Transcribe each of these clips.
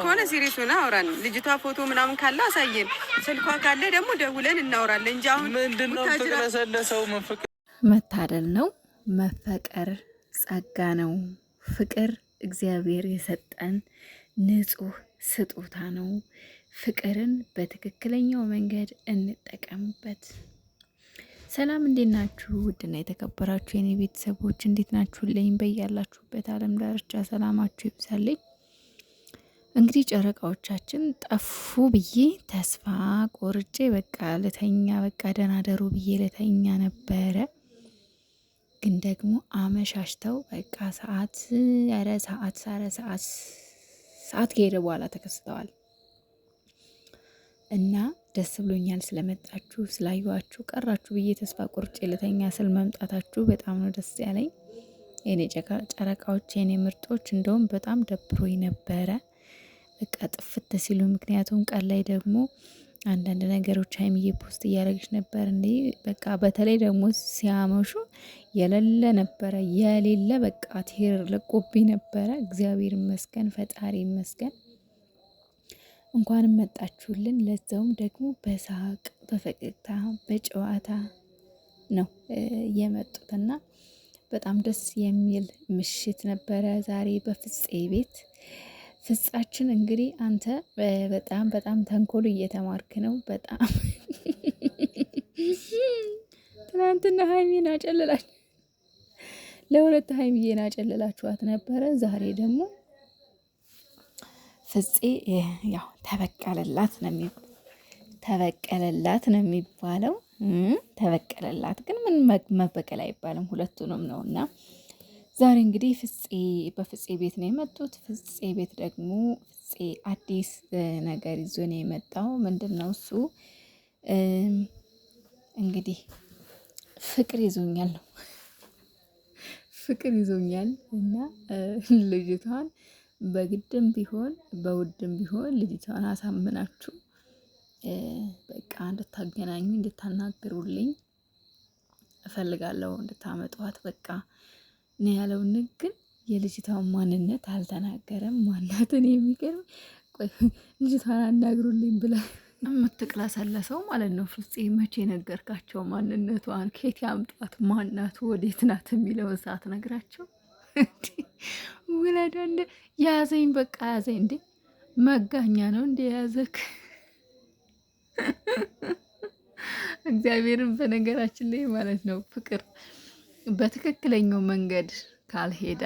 ከሆነ ሲሪሱ ሆነ አውራን ልጅቷ ፎቶ ምናምን ካለ አሳየን፣ ስልኳ ካለ ደግሞ ደውለን እናወራለን እንጂ አሁን ምንድነው መታደል ነው። መፈቀር ጸጋ ነው። ፍቅር እግዚአብሔር የሰጠን ንጹህ ስጦታ ነው። ፍቅርን በትክክለኛው መንገድ እንጠቀምበት። ሰላም እንዴት ናችሁ? ውድና የተከበራችሁ የኔ ቤተሰቦች እንዴት ናችሁልኝ? በያላችሁበት አለም ዳርቻ ሰላማችሁ ይብዛልኝ። እንግዲህ ጨረቃዎቻችን ጠፉ ብዬ ተስፋ ቆርጬ በቃ ልተኛ በቃ ደናደሩ ብዬ ልተኛ ነበረ። ግን ደግሞ አመሻሽተው በቃ ሰዓት ያረ ሰዓት ኧረ ሰዓት ሰዓት ከሄደ በኋላ ተከስተዋል እና ደስ ብሎኛል ስለመጣችሁ ስላዩዋችሁ ቀራችሁ ብዬ ተስፋ ቆርጬ ልተኛ ስል መምጣታችሁ በጣም ነው ደስ ያለኝ። የኔ ጨረቃዎች የኔ ምርጦች፣ እንደውም በጣም ደብሮኝ ነበረ በቃ ጥፍት ሲሉ። ምክንያቱም ቀን ላይ ደግሞ አንዳንድ ነገሮች ሀይሚዬ ፖስት እያደረገች ነበር እንዴ በቃ በተለይ ደግሞ ሲያመሹ የሌለ ነበረ የሌለ በቃ ቴር ለቆብኝ ነበረ። እግዚአብሔር ይመስገን፣ ፈጣሪ ይመስገን። እንኳንም መጣችሁልን። ለዛውም ደግሞ በሳቅ በፈገግታ በጨዋታ ነው የመጡትና በጣም ደስ የሚል ምሽት ነበረ ዛሬ በፍፄ ቤት። ፍጻችን እንግዲህ አንተ በጣም በጣም ተንኮል እየተማርክ ነው። በጣም ትናንትና ሀይሚን አጨለላችሁ፣ ለሁለት ሀይሚዬን አጨለላችኋት ነበረ። ዛሬ ደግሞ ፍጼ ያው ተበቀለላት ነው የሚ ተበቀለላት ነው የሚባለው። ተበቀለላት ግን ምን መበቀል አይባልም፣ ሁለቱንም ነውና ዛሬ እንግዲህ ፍፄ በፍፄ ቤት ነው የመጡት። ፍፄ ቤት ደግሞ ፍፄ አዲስ ነገር ይዞ ነው የመጣው። ምንድን ነው እሱ? እንግዲህ ፍቅር ይዞኛል ነው ፍቅር ይዞኛል እና ልጅቷን በግድም ቢሆን በውድም ቢሆን ልጅቷን አሳምናችሁ በቃ እንድታገናኙ እንድታናግሩልኝ እፈልጋለሁ፣ እንድታመጧት በቃ ነው ያለው። ግን የልጅቷን ማንነት አልተናገረም። ማናትን የሚገርም ልጅቷን አናግሩልኝ ብላ የምትቅለሰለሰው ማለት ነው። ፍፄ መቼ ነገርካቸው? ማንነቷን ኬት ያምጧት፣ ማናት፣ ወዴት ናት የሚለውን ሰዓት ነግራቸው ውለደ እንደ ያዘኝ በቃ ያዘኝ። እንዴ መጋኛ ነው እንደ ያዘክ እግዚአብሔርን በነገራችን ላይ ማለት ነው ፍቅር በትክክለኛው መንገድ ካልሄደ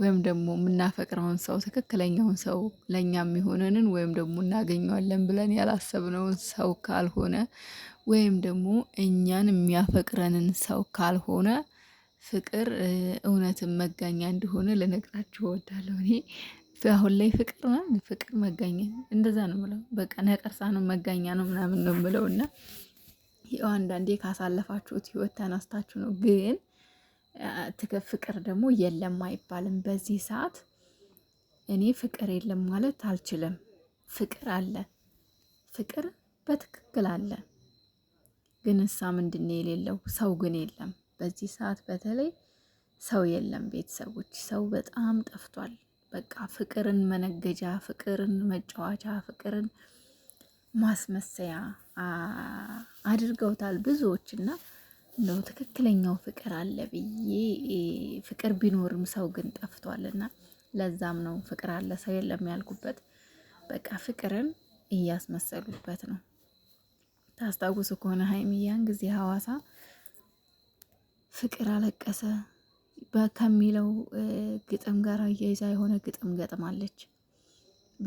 ወይም ደግሞ የምናፈቅረውን ሰው ትክክለኛውን ሰው ለእኛ የሚሆነንን ወይም ደግሞ እናገኘዋለን ብለን ያላሰብነውን ሰው ካልሆነ ወይም ደግሞ እኛን የሚያፈቅረንን ሰው ካልሆነ ፍቅር እውነትን መጋኛ እንደሆነ ልነግራችሁ እወዳለሁ። እኔ አሁን ላይ ፍቅር ፍቅር መጋኛ እንደዛ ነው ምለው፣ በቃ ነቀርሳ ነው መጋኛ ነው ምናምን ነው ምለው እና ያው አንዳንዴ ካሳለፋችሁት ህይወት ተነስታችሁ ነው ግን ፍቅር ደግሞ የለም አይባልም። በዚህ ሰዓት እኔ ፍቅር የለም ማለት አልችልም። ፍቅር አለ፣ ፍቅር በትክክል አለ። ግን እሳ ምንድን የሌለው? ሰው ግን የለም። በዚህ ሰዓት በተለይ ሰው የለም። ቤተሰቦች ሰው በጣም ጠፍቷል። በቃ ፍቅርን መነገጃ፣ ፍቅርን መጫወቻ፣ ፍቅርን ማስመሰያ አድርገውታል ብዙዎች እና እንደው ትክክለኛው ፍቅር አለ ብዬ ፍቅር ቢኖርም ሰው ግን ጠፍቷልና ለዛም ነው ፍቅር አለ ሰው የለም ያልኩበት። በቃ ፍቅርን እያስመሰሉበት ነው። ታስታውሱ ከሆነ ሀይሚያን ጊዜ ሀዋሳ ፍቅር አለቀሰ ከሚለው ግጥም ጋር አያይዛ የሆነ ግጥም ገጥማለች።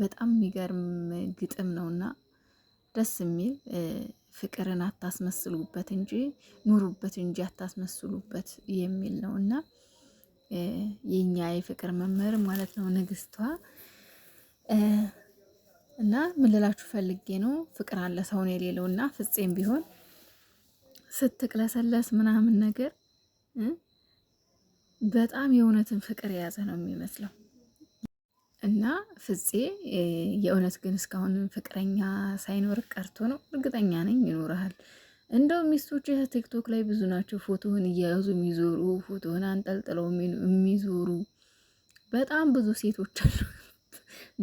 በጣም የሚገርም ግጥም ነውና ደስ የሚል ፍቅርን አታስመስሉበት እንጂ ኑሩበት እንጂ አታስመስሉበት የሚል ነው እና የኛ የፍቅር መምህር ማለት ነው ንግስቷ እና ምልላችሁ ፈልጌ ነው ፍቅር አለ ሰውን የሌለው እና ፍፄም ቢሆን ስትቅለሰለስ ምናምን ነገር በጣም የእውነትን ፍቅር የያዘ ነው የሚመስለው እና ፍፄ የእውነት ግን እስካሁን ፍቅረኛ ሳይኖር ቀርቶ ነው። እርግጠኛ ነኝ ይኖረሃል። እንደው ሚስቶች ቲክቶክ ላይ ብዙ ናቸው። ፎቶህን እያያዙ የሚዞሩ ፎቶህን አንጠልጥለው የሚዞሩ በጣም ብዙ ሴቶች አሉ።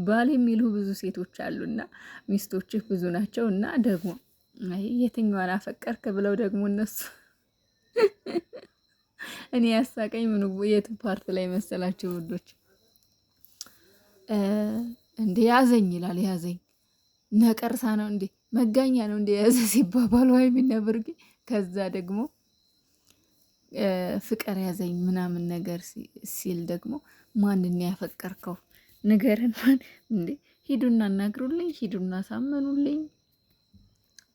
ባል የሚሉ ብዙ ሴቶች አሉ። እና ሚስቶችህ ብዙ ናቸው። እና ደግሞ የትኛዋን አፈቀርክ ብለው ደግሞ እነሱ እኔ ያሳቀኝ ምኑ የቱ ፓርት ላይ መሰላቸው ውዶች እንዴ ያዘኝ ይላል። ያዘኝ ነቀርሳ ነው እንዴ መጋኛ ነው እንዴ ያዘ ሲባባሉ ሀይሚና ከዛ ደግሞ ፍቅር ያዘኝ ምናምን ነገር ሲል ደግሞ ማንን ያፈቀርከው ንገረን። ማን እንዴ ሂዱና እናግሩልኝ፣ ሂዱና ሳመኑልኝ።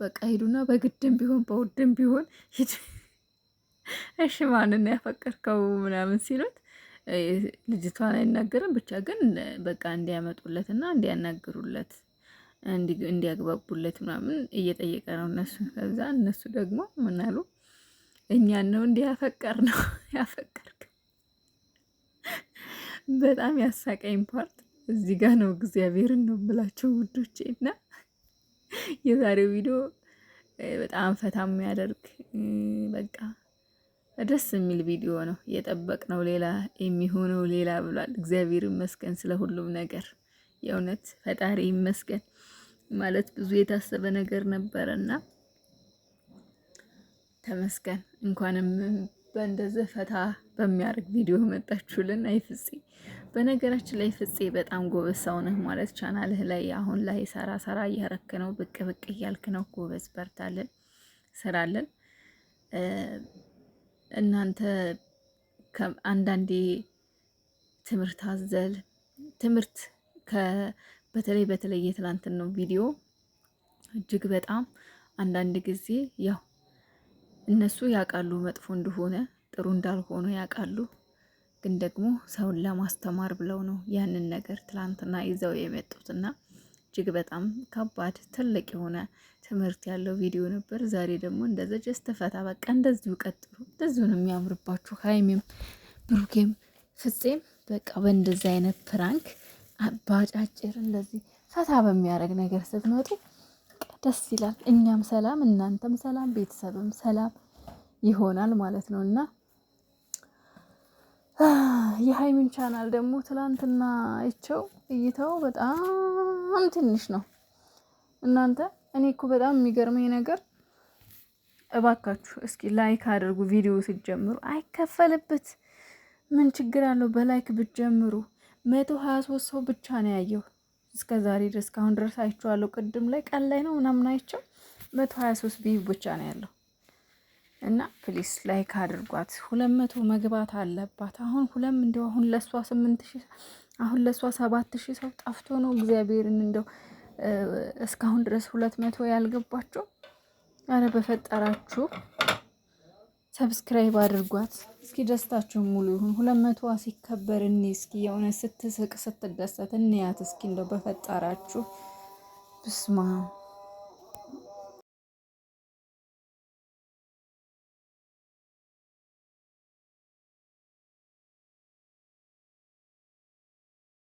በቃ ሂዱና በግድም ቢሆን በውድም ቢሆን እሺ ማንን ያፈቀርከው ምናምን ሲሉት ልጅቷን አይናገርም። ብቻ ግን በቃ እንዲያመጡለት እና እንዲያናግሩለት እንዲያግባቡለት ምናምን እየጠየቀ ነው እነሱ። ከዛ እነሱ ደግሞ ምን አሉ? እኛን ነው እንዲህ ያፈቀር ነው ያፈቀርክ። በጣም ያሳቀኝ ፓርት እዚህ ጋር ነው። እግዚአብሔርን ነው ብላቸው ውዶቼ። እና የዛሬው ቪዲዮ በጣም ፈታ የሚያደርግ በቃ ደስ የሚል ቪዲዮ ነው። የጠበቅነው ሌላ የሚሆነው ሌላ ብሏል። እግዚአብሔር ይመስገን ስለ ሁሉም ነገር የእውነት ፈጣሪ ይመስገን ማለት ብዙ የታሰበ ነገር ነበረና ተመስገን። እንኳንም በእንደዚህ ፈታ በሚያደርግ ቪዲዮ መጣችሁልን። አይፍፄ በነገራችን ላይ ፍፄ በጣም ጎበዝ ሰው ነህ ማለት ቻናልህ ላይ አሁን ላይ ሰራ ሰራ እያረክ ነው፣ ብቅ ብቅ እያልክ ነው። ጎበዝ በርታለን፣ ስራለን እናንተ አንዳንዴ ትምህርት አዘል ትምህርት በተለይ በተለይ የትላንትን ነው ቪዲዮ እጅግ በጣም አንዳንድ ጊዜ ያው እነሱ ያውቃሉ መጥፎ እንደሆነ ጥሩ እንዳልሆነ ያውቃሉ። ግን ደግሞ ሰውን ለማስተማር ብለው ነው ያንን ነገር ትላንትና ይዘው የመጡትና እጅግ በጣም ከባድ ትልቅ የሆነ ትምህርት ያለው ቪዲዮ ነበር። ዛሬ ደግሞ እንደዚ ጀስት ፈታ በቃ እንደዚሁ ቀጥሉ። እንደዚሁ ነው የሚያምርባችሁ። ሀይሜም ብሩኬም ፍጼም በቃ በእንደዚ አይነት ፕራንክ በአጫጭር እንደዚህ ፈታ በሚያደርግ ነገር ስትመጡ ደስ ይላል። እኛም ሰላም፣ እናንተም ሰላም፣ ቤተሰብም ሰላም ይሆናል ማለት ነው እና የሀይሚን ቻናል ደግሞ ትላንትና አይቸው እይታው በጣም በጣም ትንሽ ነው። እናንተ እኔ እኮ በጣም የሚገርመኝ ነገር እባካችሁ እስኪ ላይክ አድርጉ። ቪዲዮ ስትጀምሩ አይከፈልበት። ምን ችግር አለው በላይክ ብትጀምሩ? መቶ ሀያ ሶስት ሰው ብቻ ነው ያየው እስከ ዛሬ ድረስ። ካሁን ድረስ አይቼዋለሁ። ቅድም ላይ ቀን ላይ ነው ምናምን አይቼው መቶ ሀያ ሶስት ቪው ብቻ ነው ያለው እና ፕሊስ ላይክ አድርጓት። ሁለት መቶ መግባት አለባት አሁን ሁለም እንዲሁ አሁን ለእሷ ስምንት ሺህ አሁን ለእሷ ሰባት ሺህ ሰው ጠፍቶ ነው። እግዚአብሔርን እንደው እስካሁን ድረስ ሁለት መቶ ያልገባችሁ አረ በፈጠራችሁ ሰብስክራይብ አድርጓት እስኪ ደስታችሁን ሙሉ ይሁን። ሁለት መቶዋ ሲከበር እኔ እስኪ የሆነ ስትስቅ ስትደሰት እንያት እስኪ እንደው በፈጠራችሁ ብስማ